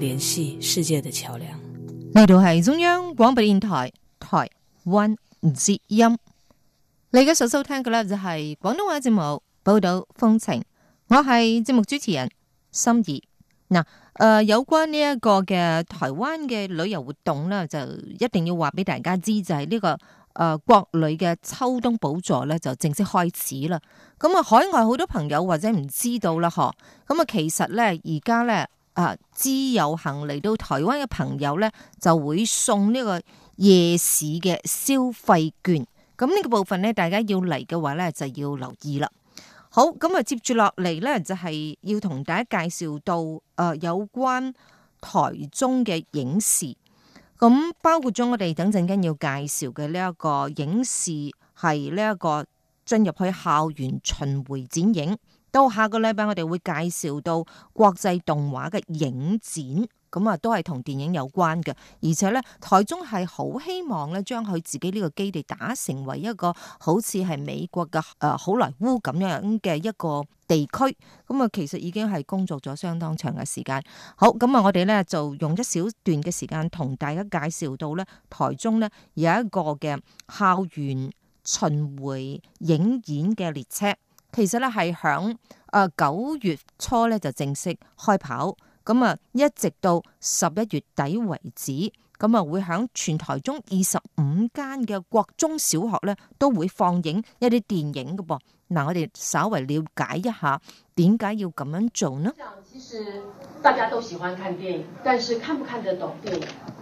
聯繫世界的橋梁。呢度係中央廣播電台台灣之音。你緊收收聽嘅咧就係廣東話節目《報道風情》，我係節目主持人心儀。嗱，誒，有關呢一個嘅台灣嘅旅遊活動咧，就一定要話俾大家知，就係、是、呢、這個誒、呃、國旅嘅秋冬補助咧就正式開始啦。咁、嗯、啊，海外好多朋友或者唔知道啦，嗬。咁、嗯、啊，其實咧而家咧。啊！自由行嚟到台灣嘅朋友咧，就會送呢個夜市嘅消費券。咁呢個部分咧，大家要嚟嘅話咧，就要留意啦。好，咁、嗯、啊，接住落嚟咧，就係、是、要同大家介紹到誒、呃、有關台中嘅影視。咁包括咗我哋等陣間要介紹嘅呢一個影視係呢一個進入去校園巡迴展映。到下個禮拜，我哋會介紹到國際動畫嘅影展，咁啊都係同電影有關嘅。而且咧，台中係好希望咧將佢自己呢個基地打成為一個好似係美國嘅誒、呃、好萊塢咁樣嘅一個地區。咁啊，其實已經係工作咗相當長嘅時間。好，咁啊，我哋咧就用一小段嘅時間同大家介紹到咧台中咧有一個嘅校園巡迴映演嘅列車。其實咧係響誒九月初咧就正式開跑，咁啊一直到十一月底為止，咁啊會響全台中二十五間嘅國中小學咧都會放映一啲電影嘅噃。嗱，我哋稍微了解一下點解要咁樣做呢？其實大家都喜歡看電影，但是看不看得懂電影？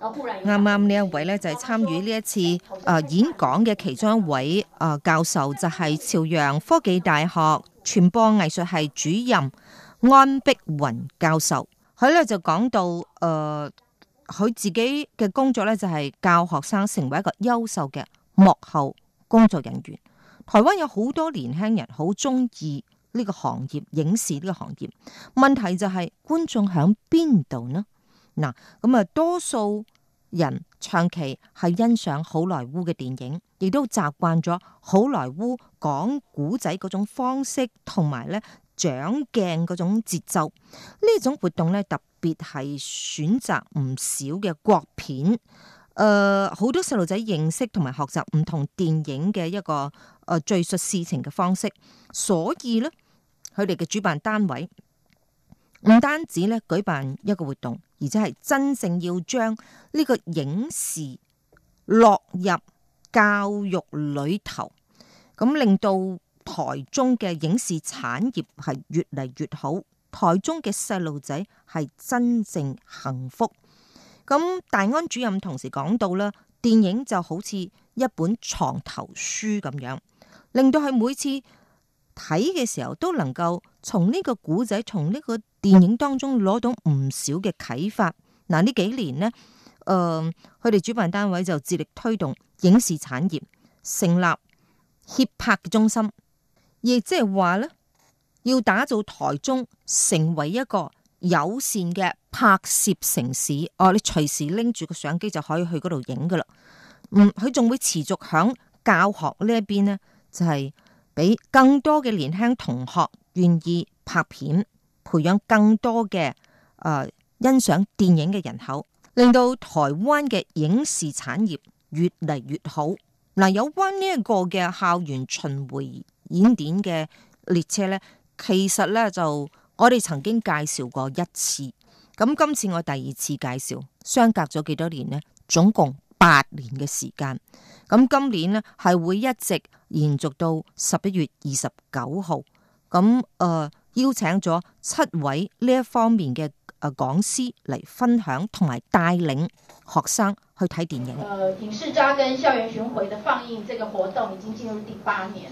啱啱呢一位咧就係參與呢一次誒演講嘅其中一位誒教授就係、是、朝陽科技大學傳播藝術系主任安碧芸教授，佢咧就講到誒佢、呃、自己嘅工作咧就係、是、教學生成為一個優秀嘅幕後工作人員。台灣有好多年輕人好中意呢個行業影視呢個行業，問題就係、是、觀眾響邊度呢？嗱，咁啊，多數人長期係欣賞好萊塢嘅電影，亦都習慣咗好萊塢講古仔嗰種方式，同埋咧掌鏡嗰種節奏。呢一種活動咧，特別係選擇唔少嘅國片。誒、呃，好多細路仔認識同埋學習唔同電影嘅一個誒敘、呃、述事情嘅方式。所以咧，佢哋嘅主辦單位唔單止咧舉辦一個活動。而且係真正要將呢個影視落入教育裡頭，咁令到台中嘅影視產業係越嚟越好，台中嘅細路仔係真正幸福。咁大安主任同時講到啦，電影就好似一本床頭書咁樣，令到佢每次睇嘅時候都能夠從呢個故仔，從呢個電影當中攞到唔少嘅啟發。嗱，呢幾年呢，誒佢哋主辦單位就致力推動影視產業，成立協拍嘅中心，亦即係話咧要打造台中成為一個友善嘅拍攝城市。哦，你隨時拎住個相機就可以去嗰度影噶啦。嗯，佢仲會持續響教學呢一邊呢，就係、是。俾更多嘅年輕同學願意拍片，培養更多嘅誒、呃、欣賞電影嘅人口，令到台灣嘅影視產業越嚟越好。嗱，有關呢一個嘅校園巡迴映演嘅列車咧，其實咧就我哋曾經介紹過一次，咁今次我第二次介紹，相隔咗幾多年呢，總共八年嘅時間，咁今年呢，係會一直。延續到十一月二十九號，咁誒、呃、邀請咗七位呢一方面嘅誒講師嚟分享同埋帶領學生去睇電影。誒、呃，影視紮根校園巡回的放映，這個活動已經進入第八年。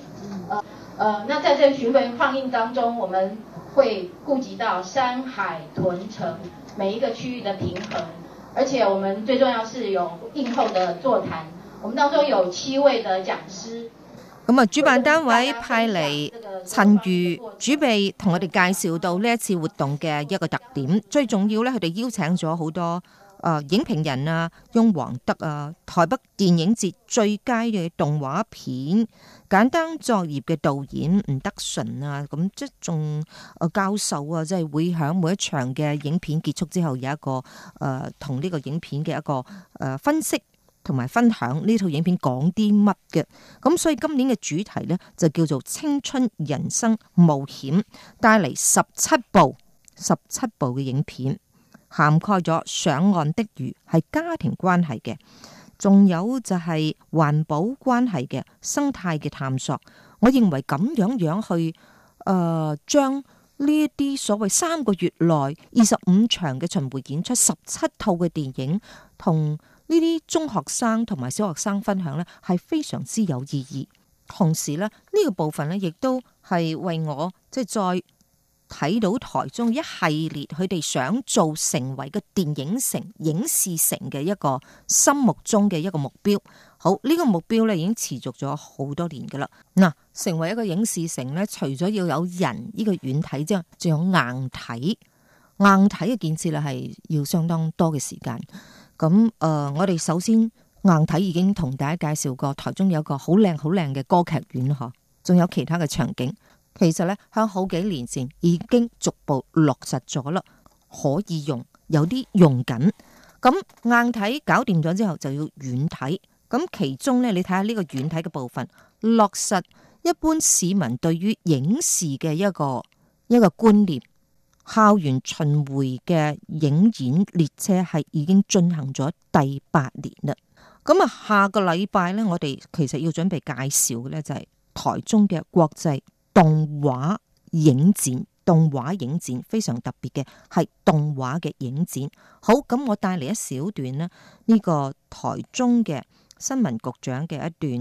誒，誒，那在這個巡回放映當中，我們會顧及到山海屯城每一個區域嘅平衡，而且我們最重要是有映後嘅座談。我們當中有七位嘅講師。咁啊！主辦單位派嚟陳馀主備同我哋介紹到呢一次活動嘅一個特點，最重要咧，佢哋邀請咗好多誒影評人啊，翁黃德啊，台北電影節最佳嘅動畫片簡單作業嘅導演吳德純啊，咁即仲誒教授啊，即係會響每一場嘅影片結束之後有一個誒同呢個影片嘅一個誒分析。同埋分享呢套影片講啲乜嘅，咁所以今年嘅主題咧就叫做青春人生冒險，帶嚟十七部十七部嘅影片，涵蓋咗上岸的魚係家庭關係嘅，仲有就係環保關係嘅生態嘅探索。我認為咁樣樣去誒，將呢一啲所謂三個月內二十五場嘅巡回演出，十七套嘅電影同。呢啲中學生同埋小學生分享呢，係非常之有意義。同時呢，呢、這個部分呢，亦都係為我即係、就是、再睇到台中一系列佢哋想做成為嘅電影城、影視城嘅一個心目中嘅一個目標。好，呢、這個目標呢，已經持續咗好多年㗎喇。嗱，成為一個影視城呢，除咗要有人呢個軟體之外，仲有硬體。硬體嘅建設呢，係要相當多嘅時間。咁誒、嗯，我哋首先硬體已經同大家介紹過，台中有個好靚好靚嘅歌劇院呵，仲有其他嘅場景。其實咧，響好幾年前已經逐步落實咗啦，可以用，有啲用緊。咁、嗯、硬體搞掂咗之後，就要軟體。咁、嗯、其中咧，你睇下呢個軟體嘅部分，落實一般市民對於影視嘅一個一個觀念。校園巡迴嘅映演列車係已經進行咗第八年啦。咁啊，下個禮拜咧，我哋其實要準備介紹嘅咧就係、是、台中嘅國際動畫影展，動畫影展非常特別嘅係動畫嘅影展。好，咁我帶嚟一小段呢，呢、這個台中嘅新聞局長嘅一段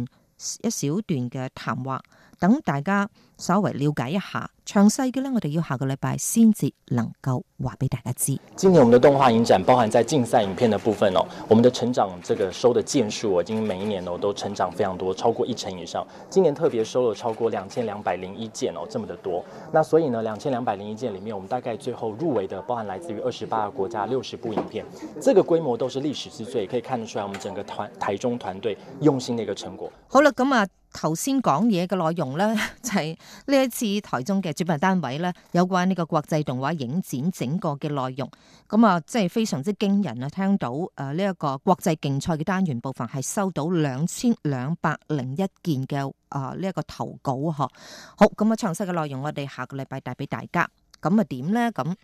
一小段嘅談話，等大家稍微了解一下。詳細嘅呢，我哋要下個禮拜先至能夠話俾大家知。今年我們的動畫影展，包含在競賽影片的部分哦，我們的成長這個收的件數已經每一年哦都成長非常多，超過一成以上。今年特別收了超過兩千兩百零一件哦，這麼的多。那所以呢，兩千兩百零一件裏面，我們大概最後入圍的，包含來自於二十八個國家六十部影片，這個規模都是歷史之最，可以看得出來我們整個團台中團隊用心的一個成果。好啦，咁啊頭先講嘢嘅內容呢，就係呢一次台中嘅。主辦單位咧，有關呢個國際動畫影展整個嘅內容，咁、嗯、啊，即係非常之驚人啊！聽到誒呢一個國際競賽嘅單元部分係收到兩千兩百零一件嘅誒呢一個投稿呵。好，咁、嗯、啊詳細嘅內容我哋下個禮拜帶俾大家。咁啊點咧？咁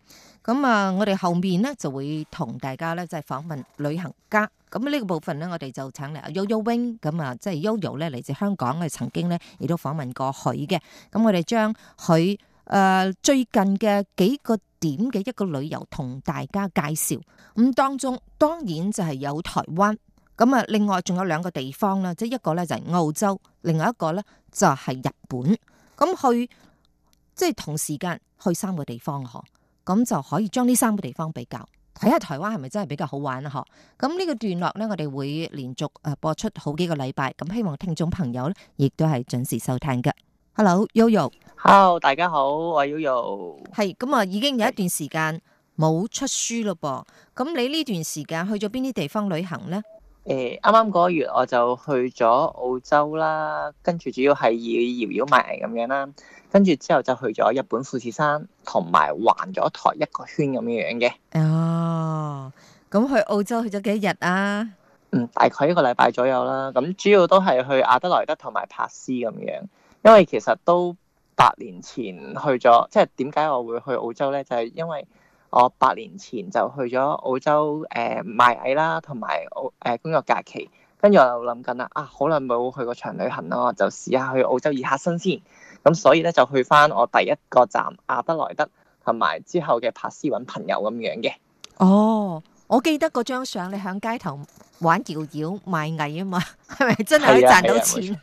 咁啊，我哋後面咧就會同大家咧即係訪問旅行家。咁呢個部分咧，我哋就請嚟阿悠悠 Wing。咁啊，即係悠悠咧嚟自香港，我哋曾經咧亦都訪問過佢嘅。咁我哋將佢誒最近嘅幾個點嘅一個旅遊同大家介紹。咁當中當然就係有台灣。咁啊，另外仲有兩個地方啦，即係一個咧就係澳洲，另外一個咧就係日本。咁去。即係同時間去三個地方嗬，咁就可以將呢三個地方比較，睇下台灣係咪真係比較好玩啦嗬。咁呢個段落咧，我哋會連續誒播出好幾個禮拜，咁希望聽眾朋友咧，亦都係準時收聽嘅。Hello，Yoyo，Hello，大家好，我係 Yoyo。係咁啊，已經有一段時間冇出書嘞噃。咁你呢段時間去咗邊啲地方旅行咧？誒啱啱嗰月我就去咗澳洲啦，跟住主要係以搖搖埋咁樣啦，跟住之後就去咗日本富士山同埋環咗台一個圈咁樣嘅。哦，咁去澳洲去咗幾多日啊？嗯，大概一個禮拜左右啦。咁主要都係去亞德萊德同埋柏斯咁樣，因為其實都八年前去咗，即係點解我會去澳洲咧？就係因為我八年前就去咗澳洲誒、呃、賣藝啦，同埋誒工作假期，跟、呃、住我就諗緊啦，啊好耐冇去過長旅行啦，就試下去澳洲郁吓身先，咁所以咧就去翻我第一個站阿德萊德，同埋之後嘅帕斯揾朋友咁樣嘅。哦，我記得嗰張相你喺街頭玩搖搖賣,賣藝啊嘛，係 咪真係賺到錢？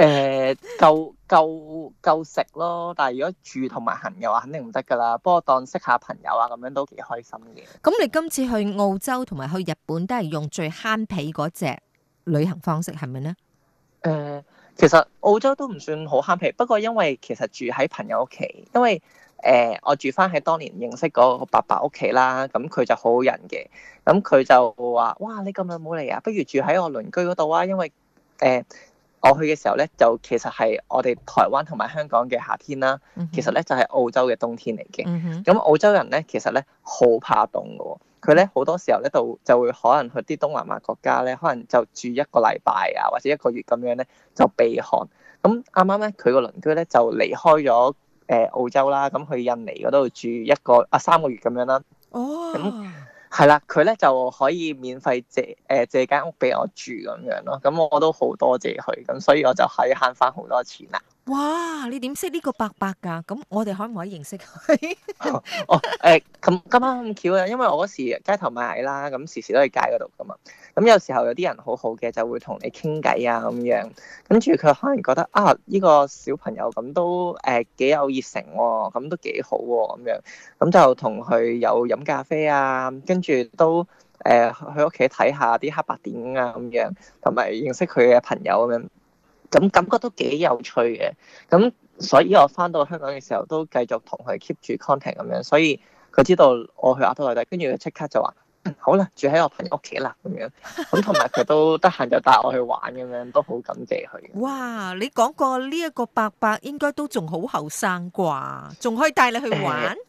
誒，夠夠夠食咯，但係如果住同埋行嘅話，肯定唔得噶啦。不過當識下朋友啊，咁樣都幾開心嘅。咁你今次去澳洲同埋去日本，都係用最慳皮嗰隻旅行方式，係咪呢？誒、呃，其實澳洲都唔算好慳皮，不過因為其實住喺朋友屋企，因為誒、呃、我住翻喺當年認識嗰個伯伯屋企啦，咁佢就好好人嘅，咁佢就話：哇，你咁耐冇嚟啊，不如住喺我鄰居嗰度啊，因為誒。呃我去嘅時候咧，就其實係我哋台灣同埋香港嘅夏天啦。Mm hmm. 其實咧就係、是、澳洲嘅冬天嚟嘅。咁、mm hmm. 澳洲人咧，其實咧好怕凍㗎喎。佢咧好多時候咧，度就會可能去啲東南亞國家咧，可能就住一個禮拜啊，或者一個月咁樣咧就避寒。咁啱啱咧，佢個鄰居咧就離開咗誒、呃、澳洲啦，咁去印尼嗰度住一個啊三個月咁樣啦。哦、oh. 嗯。係啦，佢咧就可以免費借誒、呃、借間屋俾我住咁樣咯，咁我都好多謝佢，咁所以我就可以慳翻好多錢啦。哇！你點識呢個伯伯噶？咁我哋可唔可以認識佢、 哦？哦，誒、欸，咁今晚咁巧啊，因為我嗰時街頭賣藝啦，咁時時都喺街嗰度噶嘛。咁、嗯、有時候有啲人好好嘅，就會同你傾偈啊，咁樣。跟住佢可能覺得啊，呢、這個小朋友咁都誒幾、呃、有熱誠喎，咁都幾好喎、啊，咁樣。咁就同佢有飲咖啡啊，跟住都誒、呃、去屋企睇下啲黑白電影啊，咁樣，同埋認識佢嘅朋友咁樣。咁感覺都幾有趣嘅，咁所以我翻到香港嘅時候都繼續同佢 keep 住 contact 咁樣，所以佢知道我去亞太內底，跟住佢即刻就話、嗯：好啦，住喺我朋友屋企啦咁樣。咁同埋佢都得閒就帶我去玩咁樣，都好感謝佢。哇！你講過呢一個伯伯應該都仲好後生啩，仲可以帶你去玩。誒、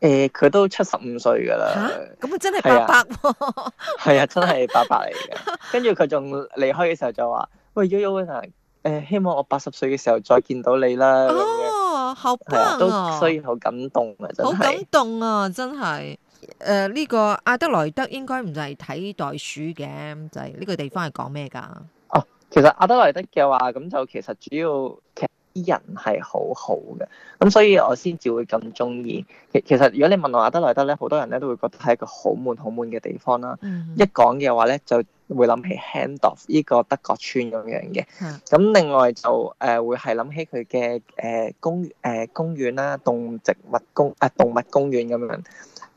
呃，佢、呃、都七十五歲㗎啦。咁咁、啊、真係伯伯喎。係啊，啊，真係伯伯嚟嘅。跟住佢仲離開嘅時候就話。喂，悠悠嗱，誒、呃，希望我八十歲嘅時候再見到你啦。哦，好、呃，係啊、哦呃，所以好感動啊，真係。好感動啊，真係。誒，呢個阿德萊德應該唔就係睇袋鼠嘅，就係呢個地方係講咩噶？哦，其實阿德萊德嘅話，咁就其實主要。啲人係好好嘅，咁所以我先至會咁鍾意。其其實如果你問我阿德萊德咧，好多人咧都會覺得係一個好悶好悶嘅地方啦。Mm hmm. 一講嘅話咧，就會諗起 Handorf 呢個德國村咁樣嘅。咁另外就誒、呃、會係諗起佢嘅誒公誒公園啦、呃，動植物公啊、呃、動物公園咁樣。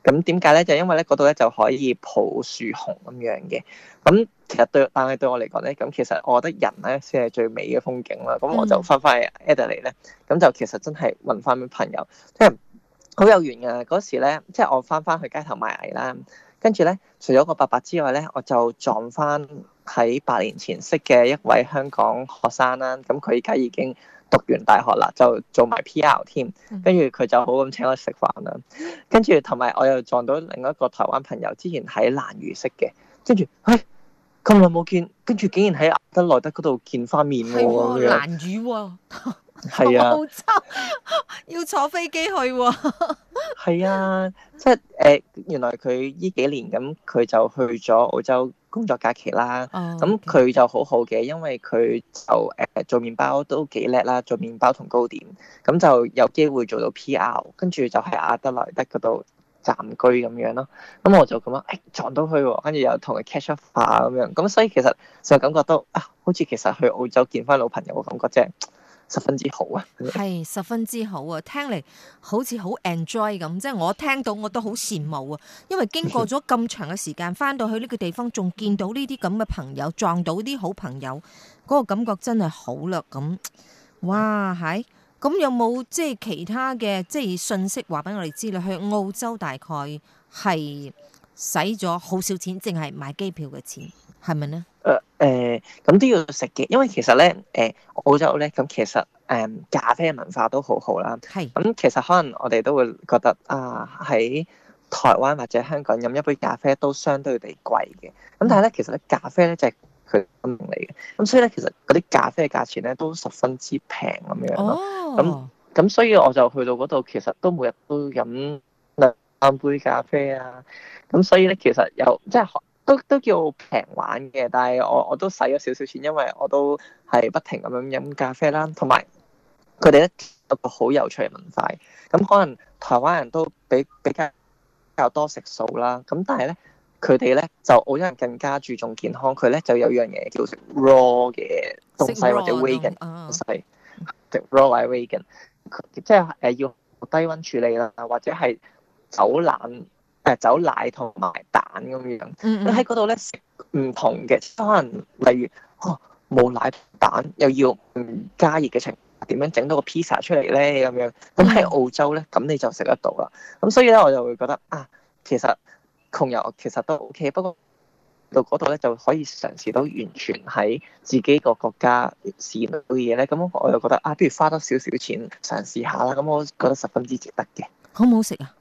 咁點解咧？就因為咧嗰度咧就可以抱樹熊咁樣嘅。咁其實對，但係對我嚟講咧，咁其實我覺得人咧先係最美嘅風景啦。咁、mm hmm. 我就翻翻去 Ada 嚟咧，咁就其實真係問翻啲朋友，即係好有緣㗎嗰時咧，即係我翻翻去街頭賣藝啦，跟住咧除咗個伯伯之外咧，我就撞翻喺八年前識嘅一位香港學生啦。咁佢而家已經讀完大學啦，就做埋 P.R. 添，跟住佢就好咁請我食飯啦。跟住同埋我又撞到另一個台灣朋友，之前喺蘭嶼識嘅，跟住，哎咁耐冇見，跟住竟然喺阿德萊德嗰度見翻面喎，難遇喎，係啊，澳洲要坐飛機去喎、啊，係 啊，即係誒、呃，原來佢呢幾年咁，佢就去咗澳洲工作假期啦。咁佢、oh, okay. 就好好嘅，因為佢就誒、呃、做麵包都幾叻啦，做麵包同糕點，咁就有機會做到 PR，跟住就係阿德萊德嗰度。Oh, okay. 暫居咁樣咯，咁我就咁樣，誒、哎、撞到佢喎，跟住又同佢 catch up 化咁樣，咁所以其實就感覺到啊，好似其實去澳洲見翻老朋友嘅感覺，真係十分之好啊！係十分之好啊！聽嚟好似好 enjoy 咁，即係我聽到我都好羨慕啊！因為經過咗咁長嘅時間，翻到去呢個地方，仲見到呢啲咁嘅朋友，撞到啲好朋友，嗰、那個感覺真係好啦、啊！咁，哇係！咁有冇即係其他嘅即係信息，話俾我哋知咧？去澳洲大概係使咗好少錢，淨係買機票嘅錢係咪咧？誒誒，咁、呃呃，都要食嘅，因為其實咧，誒、呃、澳洲咧，咁其實誒咖啡文化都好好啦。係咁是，其實可能我哋都會覺得啊，喺台灣或者香港飲一杯咖啡都相對地貴嘅。咁但係咧，其實咧咖啡咧就係佢嚟嘅，咁所以咧，其實嗰啲咖啡嘅價錢咧都十分之平咁樣咯。咁咁、oh. 所以我就去到嗰度，其實都每日都飲兩三杯咖啡啊。咁所以咧，其實又，即係都都叫平玩嘅，但係我我都使咗少少錢，因為我都係不停咁樣飲咖啡啦。同埋佢哋咧有，呢有一個好有趣嘅文化。咁可能台灣人都比比較較多食素啦。咁但係咧。佢哋咧就我因為更加注重健康，佢咧就有樣嘢叫食 raw 嘅東西或者 vegan 東西，即係 raw or vegan，即係誒要低溫處理啦，或者係走、呃、走奶誒走奶同埋蛋咁樣。你喺嗰度咧食唔同嘅，可能例如嚇冇、哦、奶蛋，又要唔加熱嘅情況，點樣整到個 pizza 出嚟咧咁樣？咁喺澳洲咧，咁你就食得到啦。咁所以咧，我就會覺得啊，其實～窮遊其實都 OK，不過到嗰度咧就可以嘗試到完全喺自己個國家試到嘅嘢咧。咁、嗯、我又覺得啊，不如花多少少錢嘗試下啦。咁我覺得十分之值得嘅。好唔好食啊？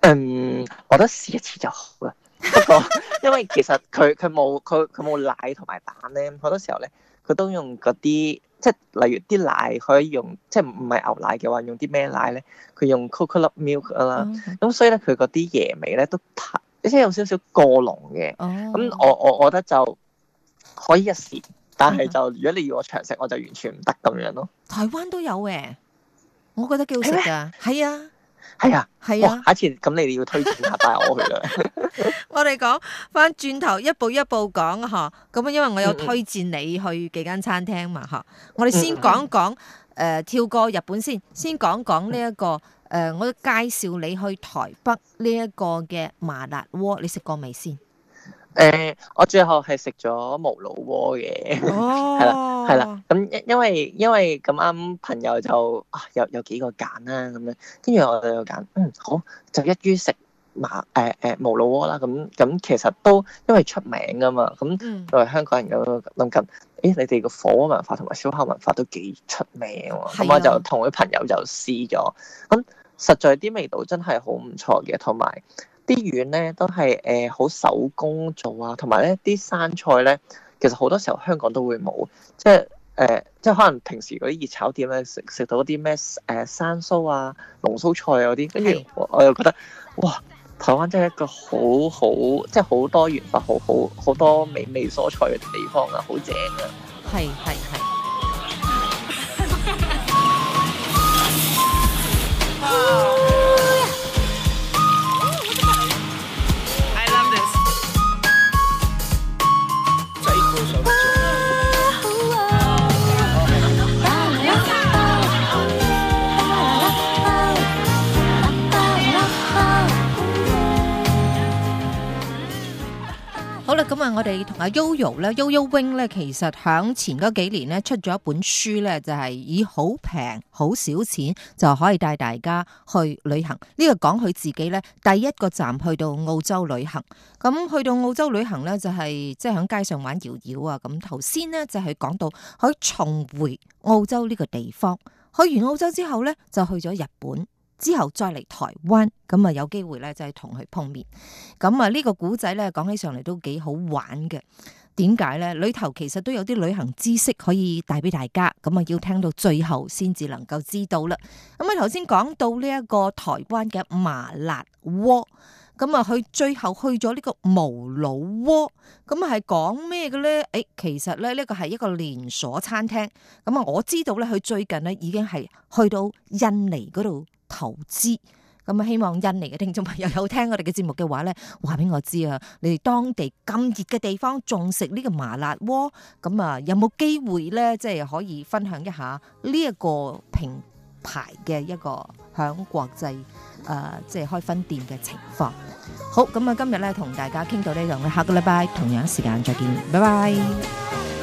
嗯，我覺得試一次就好啦。不過因為其實佢佢冇佢佢冇奶同埋蛋咧，好多時候咧佢都用嗰啲。即係例如啲奶可以用，即係唔係牛奶嘅話，用啲咩奶咧？佢用 cocoa milk 啦 Okay.、嗯，咁所以咧佢嗰啲椰味咧都，即係有少少過濃嘅。咁、oh. 嗯、我我，我覺得就可以一試，但係就 如果你要我長食，我就完全唔得咁樣咯。台灣都有嘅，我覺得幾好食㗎。係嗎啊。係、哎、啊，係啊、哦，下次咁你哋要推薦下帶我去啦。 我哋講翻轉頭一步一步講吓，咁因為我有推薦你去幾間餐廳嘛，我哋先講講誒跳過日本先，先講講呢一個誒、呃，我介紹你去台北呢一個嘅麻辣鍋，你食過未先？誒、欸，我最後係食咗無腦鍋嘅，係啦、哦，係啦。 咁因因為因為咁啱朋友就啊，有有幾個揀啦、啊，咁樣。跟住我哋就揀，嗯好，就一於食麻誒誒無腦鍋啦。咁咁其實都因為出名㗎嘛。咁作為香港人有諗緊，咦、欸？你哋個火鍋文化同埋燒烤文化都幾出名喎、啊。咁的我就同佢朋友就試咗，咁實在啲味道真係好唔錯嘅，同埋，啲丸咧都係誒好手工做啊，同埋咧啲山菜咧，其實好多時候香港都會冇，即係誒、呃，即係可能平時嗰啲熱炒店咧食食到啲咩誒山蘇啊、龍蘇菜啊嗰啲，跟住我,我又覺得哇，台灣真係一個好好即係好多元化好好好多美味蔬菜嘅地方啊，好正啊！係係係。同阿悠悠咧，悠悠 Wing 咧，其實響前嗰幾年咧，出咗一本書咧，就係以好平、好少錢就可以帶大家去旅行。呢個講佢自己咧，第一個站去到澳洲旅行。咁去到澳洲旅行咧，就係即係響街上玩搖搖啊。咁頭先咧就係講到可以重回澳洲呢個地方。去完澳洲之後咧，就去咗日本。之後再嚟台灣咁啊，有機會咧就係同佢碰面咁啊。個呢個古仔咧講起上嚟都幾好玩嘅。點解咧？裏頭其實都有啲旅行知識可以帶俾大家。咁啊，要聽到最後先至能夠知道啦。咁啊，頭先講到呢一個台灣嘅麻辣鍋，咁啊，去最後去咗呢個無老鍋，咁係講咩嘅咧？誒，其實咧呢個係一個連鎖餐廳。咁啊，我知道咧佢最近咧已經係去到印尼嗰度。投資咁啊，希望印尼嘅聽眾朋友有聽我哋嘅節目嘅話咧，話俾我知啊！你哋當地咁熱嘅地方仲食呢個麻辣鍋，咁啊有冇機會咧，即係可以分享一下呢一個品牌嘅一個響國際誒，即係開分店嘅情況？好，咁啊，今日咧同大家傾到呢度，下個禮拜同樣時間再見，拜拜。